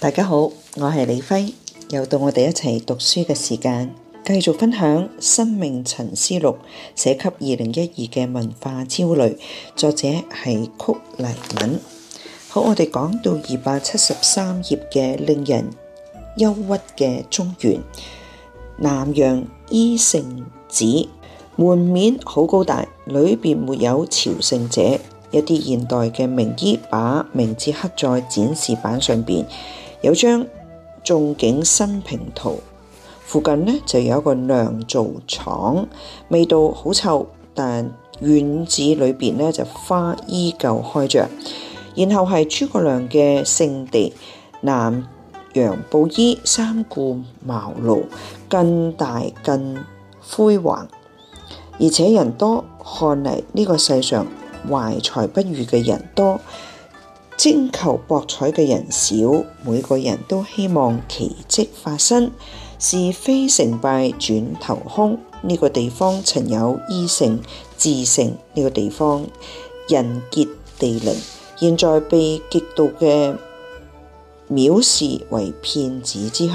大家好，我係李輝，又到我哋一齊讀書嘅時間，繼續分享《生命沉思錄》，寫給二零一二嘅文化焦慮，作者係曲黎敏。好，我哋講到二百七十三頁嘅令人憂鬱嘅中原南陽醫聖祠，門面好高大，裏邊沒有朝聖者，一啲現代嘅名醫把名字刻在展示板上邊。有張仲景新平圖，附近呢就有一個釀造廠，味道好臭。但院子裏邊呢就花依舊開着。然後係諸葛亮嘅聖地南陽布衣三顧茅廬，更大更輝煌。而且人多，看嚟呢個世上懷才不遇嘅人多。徵求博彩嘅人少，每個人都希望奇蹟發生。是非成敗轉頭空呢、呢個地方曾有醫城、自城呢個地方人傑地靈，現在被極度嘅藐視為騙子之鄉。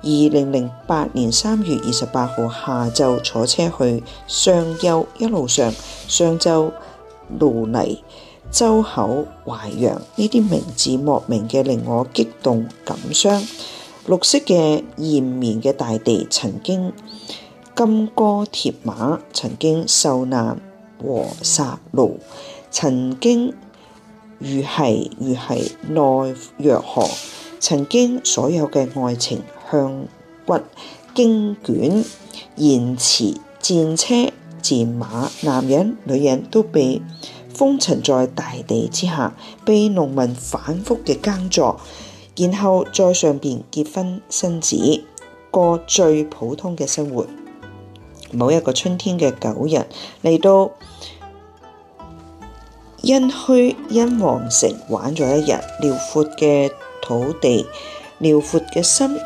二零零八年三月二十八號下晝坐車去上丘，一路上上丘路泥。周口懷、淮陽呢啲名字莫名嘅令我激動感傷，綠色嘅延綿嘅大地，曾經金戈鐵馬，曾經受難和殺戮，曾經如係如係奈若何，曾經所有嘅愛情向骨經卷言辭戰車戰馬，男人女人都被。封存在大地之下，被農民反覆嘅耕作，然後在上邊結婚生子，過最普通嘅生活。某一個春天嘅九日，嚟到殷墟殷王城玩咗一日，遼闊嘅土地，遼闊嘅心，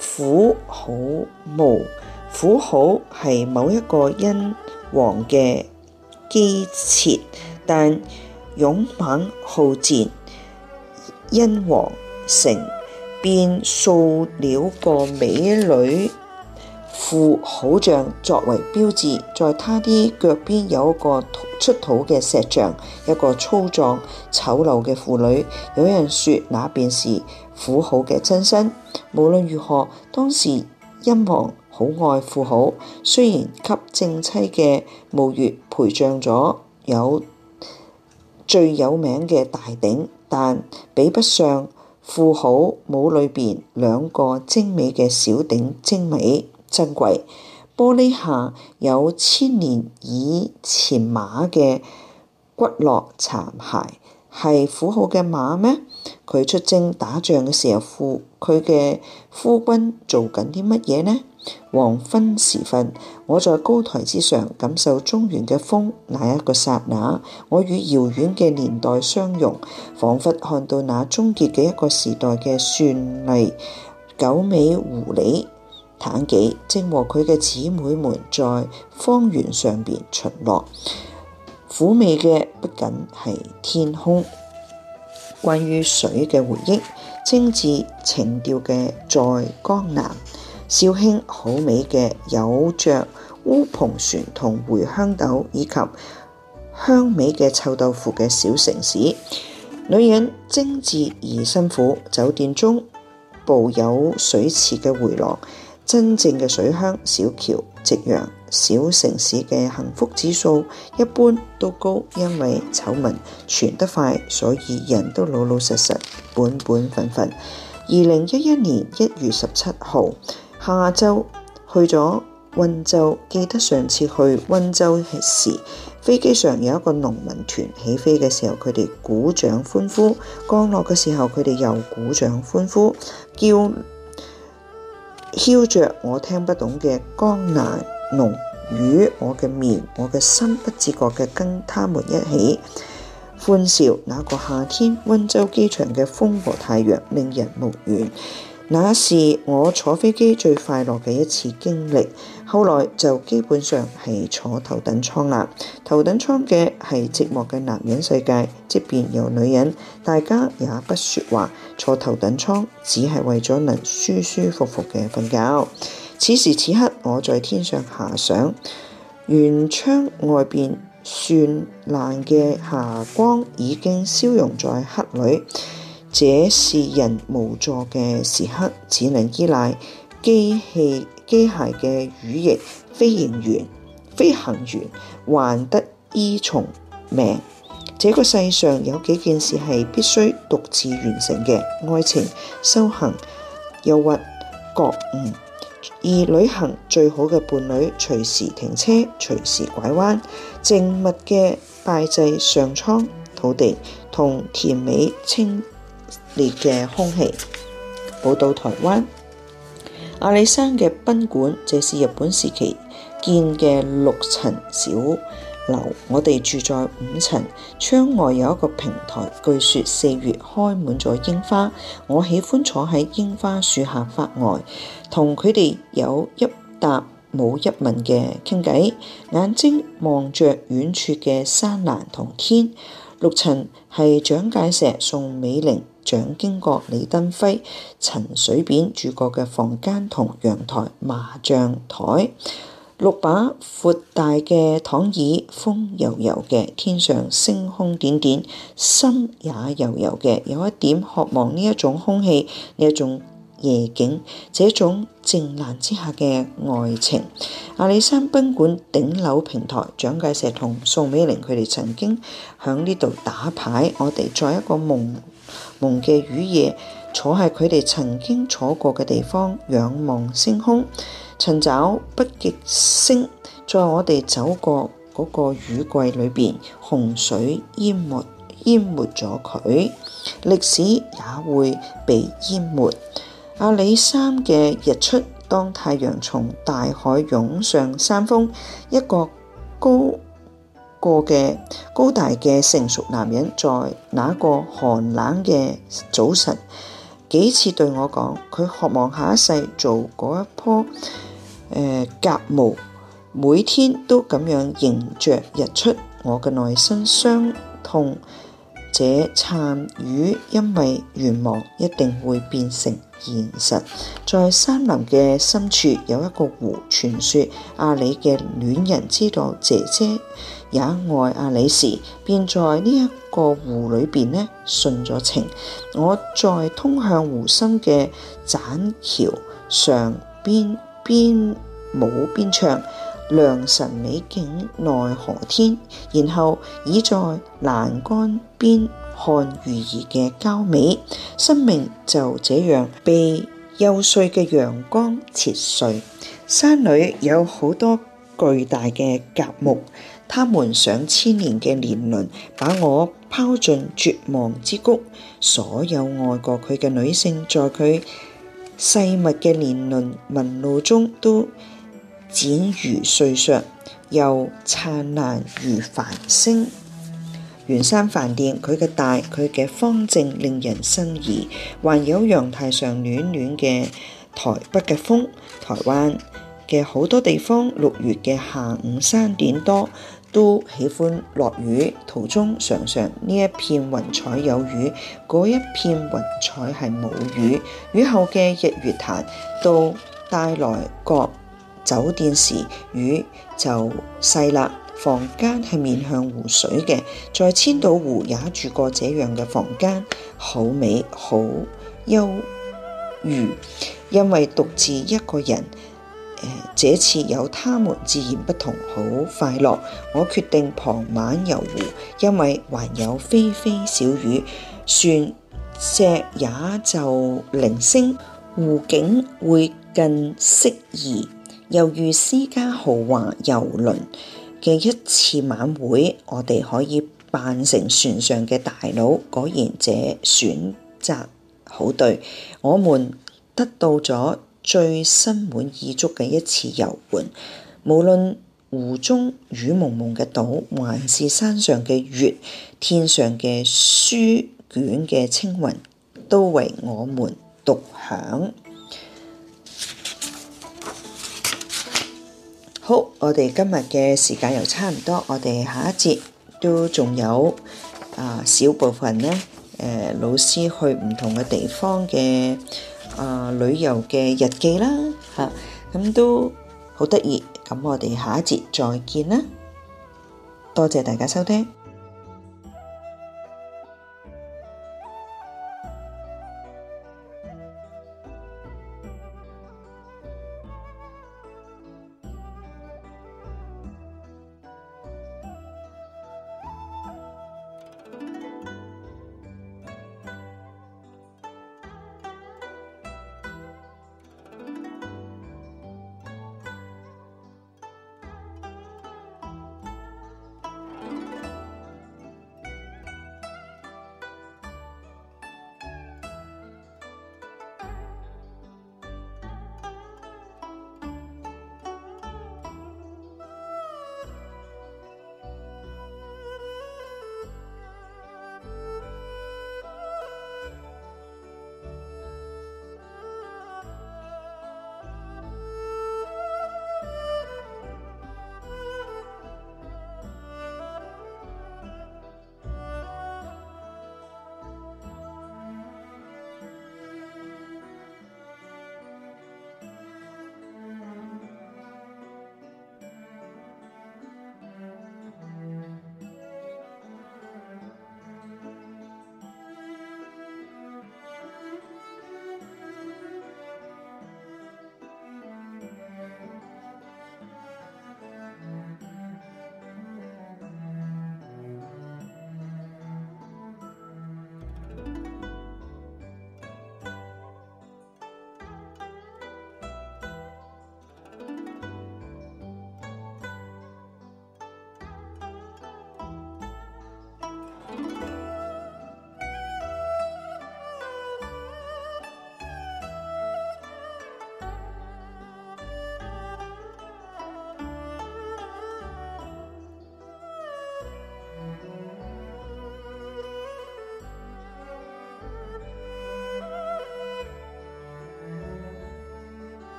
婦好墓，婦好係某一個殷王嘅基設。但勇猛好戰，殷王成便塑了個美女婦好像作為標志在他啲腳邊有一個出土嘅石像，一個粗壯醜陋嘅婦女。有人說那便是婦好嘅真身。無論如何，當時殷王好愛婦好，雖然給正妻嘅墓穴陪葬咗有。最有名嘅大鼎，但比不上富豪墓裏邊兩個精美嘅小鼎精美珍貴。玻璃下有千年以前馬嘅骨骼殘骸，係富豪嘅馬咩？佢出征打仗嘅時候，夫佢嘅夫君做緊啲乜嘢呢？黃昏時分，我在高台之上感受中原嘅風，那一個刹那，我與遙遠嘅年代相融，仿佛看到那終結嘅一個時代嘅絢麗九尾狐狸妲己正和佢嘅姊妹們在荒原上邊巡邏。苦味嘅不僅係天空，關於水嘅回憶，精緻情調嘅在江南。紹興好美嘅有着烏篷船同茴香豆，以及香味嘅臭豆腐嘅小城市，女人精緻而辛苦。酒店中部有水池嘅回廊，真正嘅水鄉小橋夕陽，小城市嘅幸福指數一般都高，因為醜聞傳得快，所以人都老老實實本本分分，分。二零一一年一月十七號。下周去咗温州，記得上次去温州時，飛機上有一個農民團，起飛嘅時候，佢哋鼓掌歡呼；降落嘅時候，佢哋又鼓掌歡呼，叫囂着我聽不懂嘅江南儂語。我嘅面，我嘅心，不自覺嘅跟他們一起歡笑。那個夏天，温州機場嘅風和太陽，令人目眩。那是我坐飛機最快樂嘅一次經歷，後來就基本上係坐頭等艙啦。頭等艙嘅係寂寞嘅男人世界，即便有女人，大家也不說話。坐頭等艙只係為咗能舒舒服服嘅瞓覺。此時此刻，我在天上遐想，舷窗外邊絢爛嘅霞光已經消融在黑裏。這是人無助嘅時刻，只能依賴機器機械嘅羽翼。飛行員、飛行員還得依從命。這個世上有幾件事係必須獨自完成嘅：愛情、修行、憂鬱、覺悟。而旅行最好嘅伴侶，隨時停車，隨時拐彎，靜默嘅拜祭上蒼、土地同甜美清烈嘅空氣。寶島台灣阿里山嘅賓館，這是日本時期建嘅六層小樓，我哋住在五層，窗外有一個平台，據說四月開滿咗櫻花，我喜歡坐喺櫻花樹下發呆，同佢哋有一搭冇一文嘅傾偈，眼睛望著遠處嘅山嵐同天。六層係蔣介石、宋美齡、蔣經國、李登輝、陳水扁住過嘅房間同陽台麻將台，六把闊大嘅躺椅，風柔柔嘅，天上星空點點，心也柔柔嘅，有一點渴望呢一種空氣呢一種。夜景，這種靜蘭之下嘅愛情。阿里山賓館頂樓平台，蔣介石同宋美齡佢哋曾經喺呢度打牌。我哋在一個朦朦嘅雨夜，坐喺佢哋曾經坐過嘅地方，仰望星空，尋找北極星。在我哋走過嗰個雨季裏邊，洪水淹沒淹沒咗佢，歷史也會被淹沒。阿里山嘅日出，當太陽從大海湧上山峰，一個高過嘅高大嘅成熟男人，在那個寒冷嘅早晨，幾次對我講，佢渴望下一世做嗰一棵，呃、甲毛，每天都咁樣迎着日出，我嘅內心傷痛。參與，因為願望一定會變成現實。在山林嘅深處有一個湖，傳說阿里嘅戀人知道姐姐也愛阿里時，便在呢一個湖裏邊呢，殉咗情。我在通向湖心嘅棧橋上邊邊舞邊唱。良辰美景奈何天，然後倚在欄杆邊看魚兒嘅交尾，生命就這樣被幼碎嘅陽光切碎。山裏有好多巨大嘅甲木，牠們上千年嘅年輪，把我拋進絕望之谷。所有愛過佢嘅女性，在佢細密嘅年輪紋路中都。展如碎石，又燦爛如繁星。圓山飯店佢嘅大，佢嘅方正令人生疑，還有陽台上暖暖嘅台北嘅風，台灣嘅好多地方六月嘅下午三點多都喜歡落雨。途中常常呢一片雲彩有雨，嗰一片雲彩係冇雨。雨後嘅日月潭到帶來各。酒店時雨就細啦。房間係面向湖水嘅，在千島湖也住過這樣嘅房間，好美好優如。因為獨自一個人，誒、呃、這次有他們自然不同，好快樂。我決定傍晚遊湖，因為還有霏霏小雨，船隻也就零星，湖景會更適宜。猶如私家豪華遊輪嘅一次晚會，我哋可以扮成船上嘅大佬。果然，這選擇好對，我們得到咗最心滿意足嘅一次遊玩。無論湖中雨蒙蒙嘅島，還是山上嘅月，天上嘅書卷嘅青雲，都為我們獨享。好，我哋今日嘅時間又差唔多，我哋下一節都仲有啊小部分咧，誒老師去唔同嘅地方嘅啊旅遊嘅日記啦吓，咁都好得意，咁我哋下一節再見啦，多謝大家收聽。